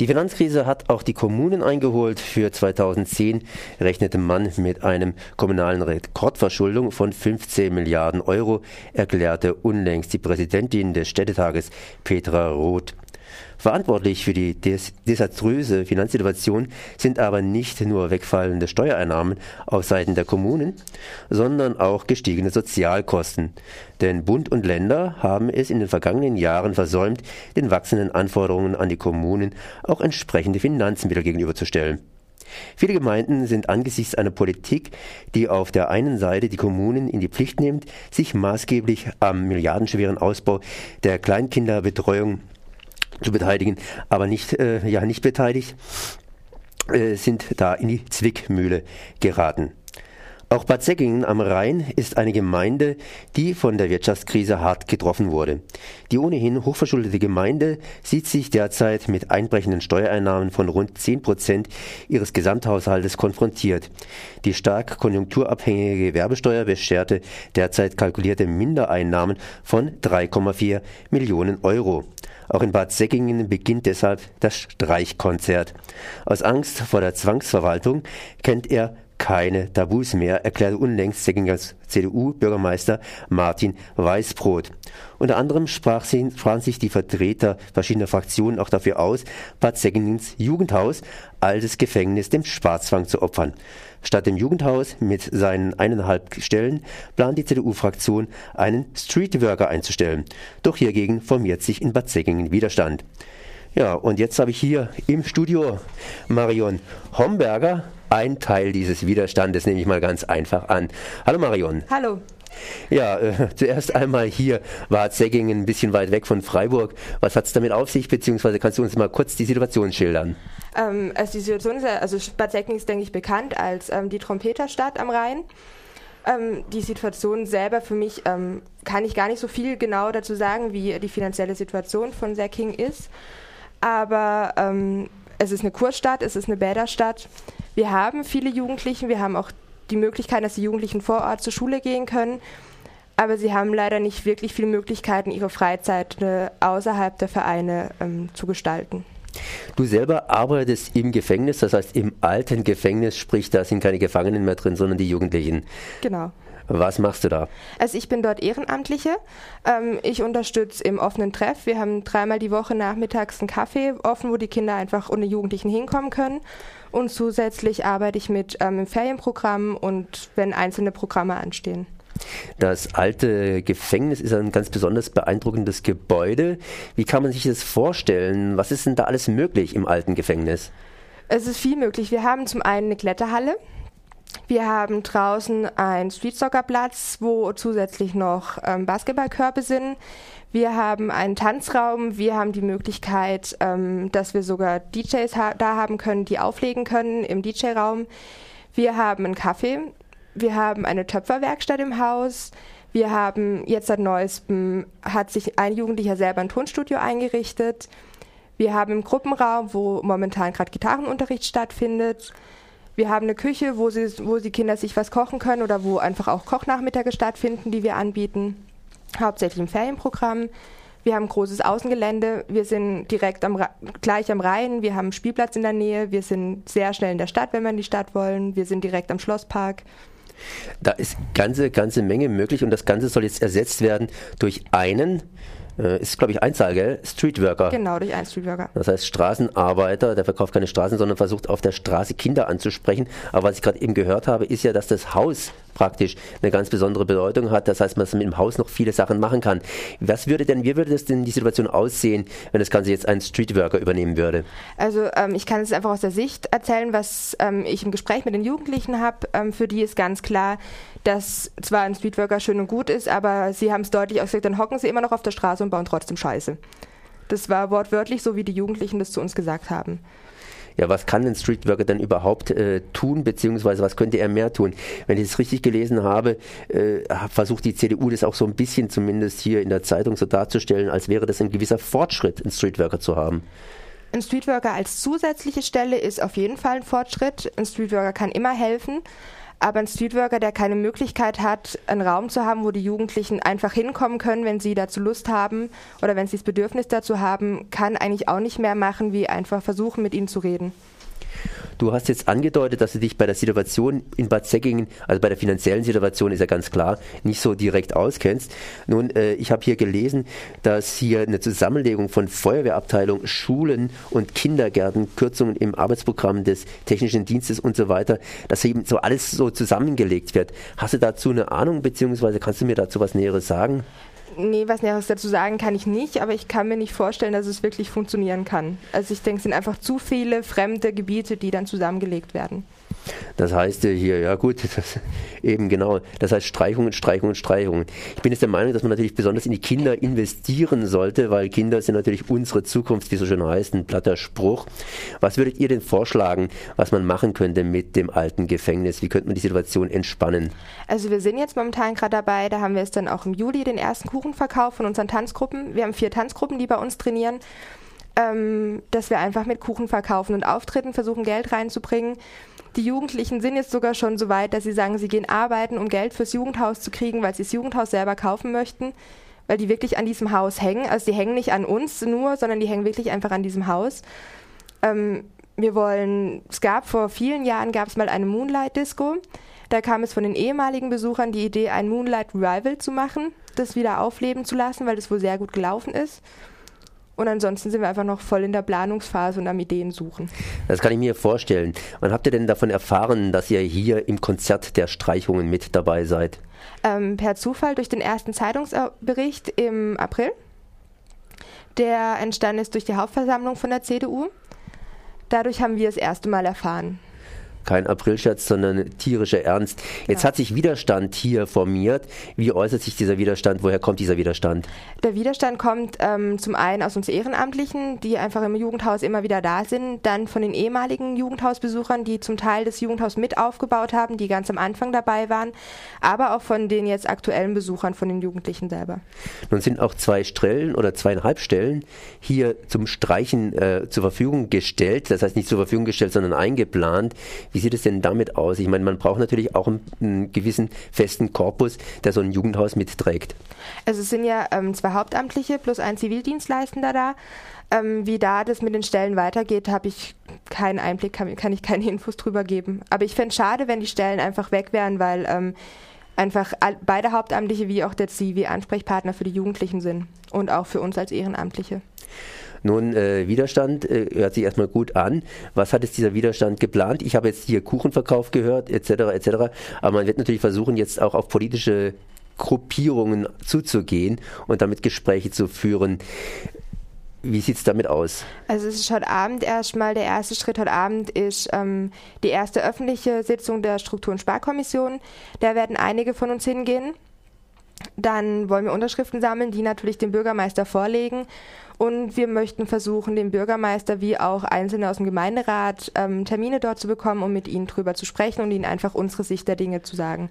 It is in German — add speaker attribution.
Speaker 1: Die Finanzkrise hat auch die Kommunen eingeholt. Für 2010 rechnete man mit einem kommunalen Rekordverschuldung von 15 Milliarden Euro, erklärte unlängst die Präsidentin des Städtetages Petra Roth. Verantwortlich für die des desaströse Finanzsituation sind aber nicht nur wegfallende Steuereinnahmen auf Seiten der Kommunen, sondern auch gestiegene Sozialkosten. Denn Bund und Länder haben es in den vergangenen Jahren versäumt, den wachsenden Anforderungen an die Kommunen auch entsprechende Finanzmittel gegenüberzustellen. Viele Gemeinden sind angesichts einer Politik, die auf der einen Seite die Kommunen in die Pflicht nimmt, sich maßgeblich am milliardenschweren Ausbau der Kleinkinderbetreuung zu beteiligen, aber nicht, äh, ja, nicht beteiligt, äh, sind da in die Zwickmühle geraten. Auch Bad Säckingen am Rhein ist eine Gemeinde, die von der Wirtschaftskrise hart getroffen wurde. Die ohnehin hochverschuldete Gemeinde sieht sich derzeit mit einbrechenden Steuereinnahmen von rund 10 Prozent ihres Gesamthaushaltes konfrontiert. Die stark konjunkturabhängige Gewerbesteuer bescherte derzeit kalkulierte Mindereinnahmen von 3,4 Millionen Euro. Auch in Bad Säckingen beginnt deshalb das Streichkonzert. Aus Angst vor der Zwangsverwaltung kennt er keine Tabus mehr, erklärte unlängst Säckingers CDU-Bürgermeister Martin Weißbrot. Unter anderem sprach sie, sprachen sich die Vertreter verschiedener Fraktionen auch dafür aus, Bad Säckingens Jugendhaus, altes Gefängnis, dem Schwarzwang zu opfern. Statt dem Jugendhaus mit seinen eineinhalb Stellen plant die CDU-Fraktion, einen Streetworker einzustellen. Doch hiergegen formiert sich in Bad Säckingen Widerstand. Ja, und jetzt habe ich hier im Studio Marion Homberger, ein Teil dieses Widerstandes, nehme ich mal ganz einfach an. Hallo Marion. Hallo. Ja, äh, zuerst einmal hier war Zeggingen ein bisschen weit weg von Freiburg. Was hat es damit auf sich, beziehungsweise kannst du uns mal kurz die Situation schildern?
Speaker 2: Ähm, also die Situation ist ja, also Bad Zeggingen ist, denke ich, bekannt als ähm, die Trompeterstadt am Rhein. Ähm, die Situation selber für mich ähm, kann ich gar nicht so viel genau dazu sagen, wie die finanzielle Situation von Säcking ist. Aber ähm, es ist eine Kurstadt, es ist eine Bäderstadt. Wir haben viele Jugendlichen, wir haben auch die Möglichkeit, dass die Jugendlichen vor Ort zur Schule gehen können, aber sie haben leider nicht wirklich viele Möglichkeiten, ihre Freizeit äh, außerhalb der Vereine ähm, zu gestalten.
Speaker 1: Du selber arbeitest im Gefängnis, das heißt im alten Gefängnis, sprich da sind keine Gefangenen mehr drin, sondern die Jugendlichen. Genau. Was machst du da?
Speaker 2: Also ich bin dort Ehrenamtliche. Ähm, ich unterstütze im offenen Treff. Wir haben dreimal die Woche nachmittags einen Kaffee offen, wo die Kinder einfach ohne Jugendlichen hinkommen können. Und zusätzlich arbeite ich mit ähm, im Ferienprogramm und wenn einzelne Programme anstehen.
Speaker 1: Das alte Gefängnis ist ein ganz besonders beeindruckendes Gebäude. Wie kann man sich das vorstellen? Was ist denn da alles möglich im alten Gefängnis?
Speaker 2: Es ist viel möglich. Wir haben zum einen eine Kletterhalle. Wir haben draußen einen Streetsoccerplatz, wo zusätzlich noch ähm, Basketballkörbe sind. Wir haben einen Tanzraum. Wir haben die Möglichkeit, ähm, dass wir sogar DJs ha da haben können, die auflegen können im DJ-Raum. Wir haben einen Kaffee. Wir haben eine Töpferwerkstatt im Haus. Wir haben jetzt seit neuestem, hat sich ein Jugendlicher selber ein Tonstudio eingerichtet. Wir haben im Gruppenraum, wo momentan gerade Gitarrenunterricht stattfindet. Wir haben eine Küche, wo, sie, wo die Kinder sich was kochen können oder wo einfach auch Kochnachmittage stattfinden, die wir anbieten. Hauptsächlich im Ferienprogramm. Wir haben großes Außengelände. Wir sind direkt am, gleich am Rhein. Wir haben einen Spielplatz in der Nähe. Wir sind sehr schnell in der Stadt, wenn wir in die Stadt wollen. Wir sind direkt am Schlosspark.
Speaker 1: Da ist ganze, ganze Menge möglich und das Ganze soll jetzt ersetzt werden durch einen, äh, ist glaube ich Einzahl, gell? Streetworker.
Speaker 2: Genau, durch einen Streetworker.
Speaker 1: Das heißt Straßenarbeiter, der verkauft keine Straßen, sondern versucht auf der Straße Kinder anzusprechen. Aber was ich gerade eben gehört habe, ist ja, dass das Haus praktisch eine ganz besondere Bedeutung hat. Das heißt, man mit dem Haus noch viele Sachen machen kann. Was würde denn, wie würde das denn die Situation aussehen, wenn das Ganze jetzt ein Streetworker übernehmen würde?
Speaker 2: Also ähm, ich kann es einfach aus der Sicht erzählen, was ähm, ich im Gespräch mit den Jugendlichen habe. Ähm, für die ist ganz klar, dass zwar ein Streetworker schön und gut ist, aber sie haben es deutlich ausgedrückt, dann hocken sie immer noch auf der Straße und bauen trotzdem Scheiße. Das war wortwörtlich so, wie die Jugendlichen das zu uns gesagt haben
Speaker 1: ja, was kann ein Streetworker denn überhaupt äh, tun, beziehungsweise was könnte er mehr tun? Wenn ich es richtig gelesen habe, äh, versucht die CDU das auch so ein bisschen zumindest hier in der Zeitung so darzustellen, als wäre das ein gewisser Fortschritt, einen Streetworker zu haben.
Speaker 2: Ein Streetworker als zusätzliche Stelle ist auf jeden Fall ein Fortschritt. Ein Streetworker kann immer helfen. Aber ein Streetworker, der keine Möglichkeit hat, einen Raum zu haben, wo die Jugendlichen einfach hinkommen können, wenn sie dazu Lust haben oder wenn sie das Bedürfnis dazu haben, kann eigentlich auch nicht mehr machen, wie einfach versuchen, mit ihnen zu reden.
Speaker 1: Du hast jetzt angedeutet, dass du dich bei der Situation in Bad Säckingen, also bei der finanziellen Situation ist ja ganz klar, nicht so direkt auskennst. Nun, äh, ich habe hier gelesen, dass hier eine Zusammenlegung von Feuerwehrabteilung, Schulen und Kindergärten, Kürzungen im Arbeitsprogramm des technischen Dienstes und so weiter, dass eben so alles so zusammengelegt wird. Hast du dazu eine Ahnung, beziehungsweise kannst du mir dazu was Näheres sagen?
Speaker 2: Nee, was Näheres dazu sagen kann ich nicht, aber ich kann mir nicht vorstellen, dass es wirklich funktionieren kann. Also ich denke, es sind einfach zu viele fremde Gebiete, die dann zusammengelegt werden.
Speaker 1: Das heißt hier, ja gut, das, eben genau. Das heißt Streichungen, Streichungen, Streichungen. Ich bin jetzt der Meinung, dass man natürlich besonders in die Kinder investieren sollte, weil Kinder sind natürlich unsere Zukunft, wie so schön heißt, ein platter Spruch. Was würdet ihr denn vorschlagen, was man machen könnte mit dem alten Gefängnis? Wie könnte man die Situation entspannen?
Speaker 2: Also wir sind jetzt momentan gerade dabei, da haben wir es dann auch im Juli den ersten Kuchen Kartenverkauf von unseren Tanzgruppen. Wir haben vier Tanzgruppen, die bei uns trainieren, ähm, dass wir einfach mit Kuchen verkaufen und Auftritten versuchen, Geld reinzubringen. Die Jugendlichen sind jetzt sogar schon so weit, dass sie sagen, sie gehen arbeiten, um Geld fürs Jugendhaus zu kriegen, weil sie das Jugendhaus selber kaufen möchten, weil die wirklich an diesem Haus hängen. Also die hängen nicht an uns nur, sondern die hängen wirklich einfach an diesem Haus. Ähm, wir wollen, es gab vor vielen Jahren, gab es mal eine Moonlight Disco. Da kam es von den ehemaligen Besuchern die Idee, ein Moonlight Revival zu machen das wieder aufleben zu lassen, weil das wohl sehr gut gelaufen ist. Und ansonsten sind wir einfach noch voll in der Planungsphase und am Ideen suchen.
Speaker 1: Das kann ich mir vorstellen. Wann habt ihr denn davon erfahren, dass ihr hier im Konzert der Streichungen mit dabei seid?
Speaker 2: Ähm, per Zufall durch den ersten Zeitungsbericht im April. Der entstanden ist durch die Hauptversammlung von der CDU. Dadurch haben wir das erste Mal erfahren
Speaker 1: kein Aprilscherz, sondern tierischer Ernst. Jetzt ja. hat sich Widerstand hier formiert. Wie äußert sich dieser Widerstand? Woher kommt dieser Widerstand?
Speaker 2: Der Widerstand kommt ähm, zum einen aus uns Ehrenamtlichen, die einfach im Jugendhaus immer wieder da sind, dann von den ehemaligen Jugendhausbesuchern, die zum Teil das Jugendhaus mit aufgebaut haben, die ganz am Anfang dabei waren, aber auch von den jetzt aktuellen Besuchern, von den Jugendlichen selber.
Speaker 1: Nun sind auch zwei Stellen oder zweieinhalb Stellen hier zum Streichen äh, zur Verfügung gestellt, das heißt nicht zur Verfügung gestellt, sondern eingeplant. Wie sieht es denn damit aus? Ich meine, man braucht natürlich auch einen, einen gewissen festen Korpus, der so ein Jugendhaus mitträgt.
Speaker 2: Also es sind ja ähm, zwei Hauptamtliche plus ein Zivildienstleistender da. Ähm, wie da das mit den Stellen weitergeht, habe ich keinen Einblick, kann, kann, ich keine Infos drüber geben. Aber ich fände es schade, wenn die Stellen einfach weg wären, weil ähm, einfach beide Hauptamtliche wie auch der Zivi Ansprechpartner für die Jugendlichen sind und auch für uns als Ehrenamtliche.
Speaker 1: Nun, äh, Widerstand äh, hört sich erstmal gut an. Was hat jetzt dieser Widerstand geplant? Ich habe jetzt hier Kuchenverkauf gehört, etc., etc. Aber man wird natürlich versuchen, jetzt auch auf politische Gruppierungen zuzugehen und damit Gespräche zu führen. Wie sieht es damit aus?
Speaker 2: Also es ist heute Abend erstmal, der erste Schritt heute Abend ist ähm, die erste öffentliche Sitzung der Struktur- und Sparkommission. Da werden einige von uns hingehen. Dann wollen wir Unterschriften sammeln, die natürlich dem Bürgermeister vorlegen. Und wir möchten versuchen, den Bürgermeister wie auch Einzelne aus dem Gemeinderat ähm, Termine dort zu bekommen, um mit ihnen drüber zu sprechen und ihnen einfach unsere Sicht der Dinge zu sagen.